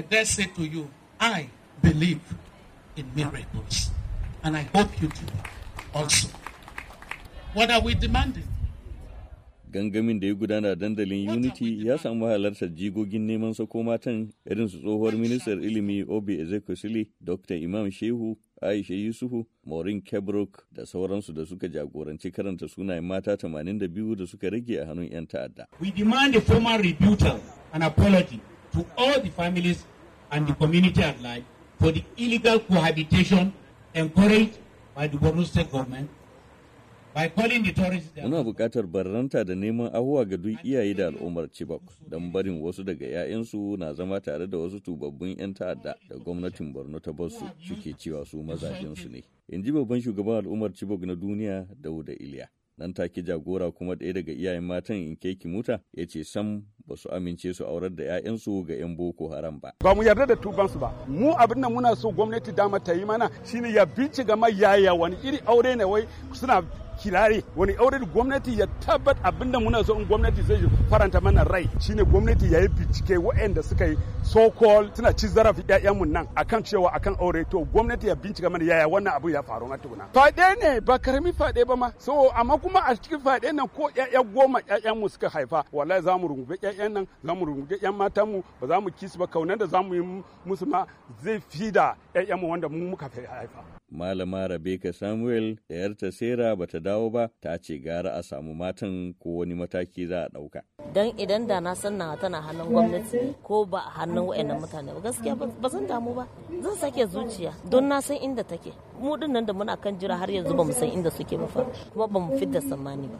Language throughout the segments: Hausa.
I dare say to you, I believe in miracles. And I hope you do also. What are we demanding? gangamin da ya gudana dandalin unity ya samu halartar jigogin neman sako matan irin su tsohuwar ministar ilimi obi ezekwesili dr imam shehu aisha yusufu maureen kebrok da sauransu da suka jagoranci karanta sunayen mata 82 da suka rage a hannun 'yan ta'adda we demand a formal rebuttal and apology to all the families and the community at large for the illegal cohabitation encouraged by the Borno State government Muna buƙatar barranta da neman ahuwa ga duk iyaye da al'ummar Chibok don barin wasu daga 'ya'yansu na zama tare da wasu tubabbun 'yan ta'adda da gwamnatin Borno ta basu suke cewa su mazajensu ne. In ji babban shugaban al'ummar Chibok na duniya Dauda Iliya. Nan take jagora kuma ɗaya daga iyayen matan in ki muta ya ce sam ba su amince su aurar da 'ya'yansu ga 'yan boko haram ba. Ba mu yarda da tubansu ba. Mu abin nan muna so gwamnati dama ta yi mana shine ya bincika ma yaya wani iri aure ne wai suna kilare wani aure gwamnati ya tabbat abinda muna so in gwamnati zai faranta mana rai shine gwamnati ya yi bincike waɗanda suka yi so called suna ci zarafi ƴaƴanmu nan akan cewa akan aure to gwamnati ya bincika mana yaya wannan abu ya faru na tukuna faɗe ne ba karami faɗe ba ma so amma kuma a cikin faɗe nan ko ƴaƴa goma mu suka haifa wallahi za mu rungume ƴaƴan nan za mu rungume ƴan mu ba za mu kisu ba kaunan da za mu yi musu ma zai fi da ƴaƴanmu wanda mu muka haifa Malama Rebecca Samuel da ‘yarta Sera ba ta dawo ba ta ce gara a samu matan ko wani mataki za a ɗauka. Dan idan da na san nawa tana hannun gwamnati ko ba hannun wa'annan mutane ba gaskiya ba zan damu ba zan sake zuciya don na san inda take. mu din nan da muna kan jira har yanzu ba mu san inda suke ba fa kuma ba mu fitar tsammani ba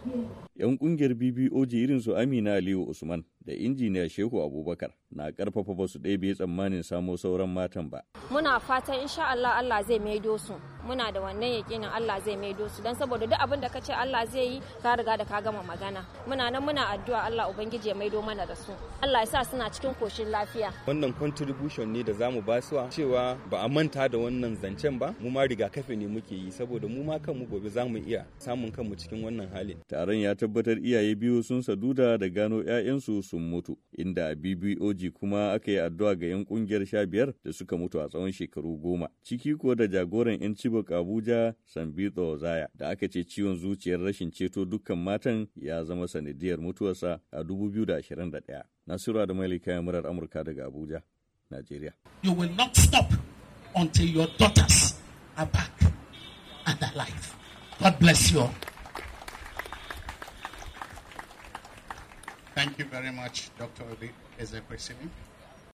yan kungiyar BBOJ irin su Amina Aliyu Usman da injiniya Shehu Abubakar na karfafa ba su ɗaya bai tsammanin samo sauran matan ba muna fatan insha Allah Allah zai maido su muna da wannan yakinin Allah zai maido su dan saboda duk abin da ka ce Allah zai yi ka riga da ka gama magana muna nan muna addu'a Allah ubangiji ya maido mana da su Allah ya sa suna cikin koshin lafiya wannan contribution ne da zamu ba su cewa ba a manta da wannan zancen ba mu ma rigakafi ne muke yi saboda mu ma kanmu gobe zamu iya samun kanmu cikin wannan halin taron ya tabbatar iyaye biyu sun saduda da gano 'ya'yansu sun mutu inda a BBOG kuma aka yi addu'a ga 'yan kungiyar sha biyar da suka mutu a tsawon shekaru goma ciki ko da jagoran 'yan cibo Abuja Sambito Zaya da aka ce ciwon zuciyar rashin ceto dukkan matan ya zama sanadiyar mutuwarsa a 2021. Nasiru da Malika murar Amurka daga Abuja, Najeriya. You will not stop until your daughters are back and alive. God bless you all. Thank you very much, Dr. Obi Ezekwesili.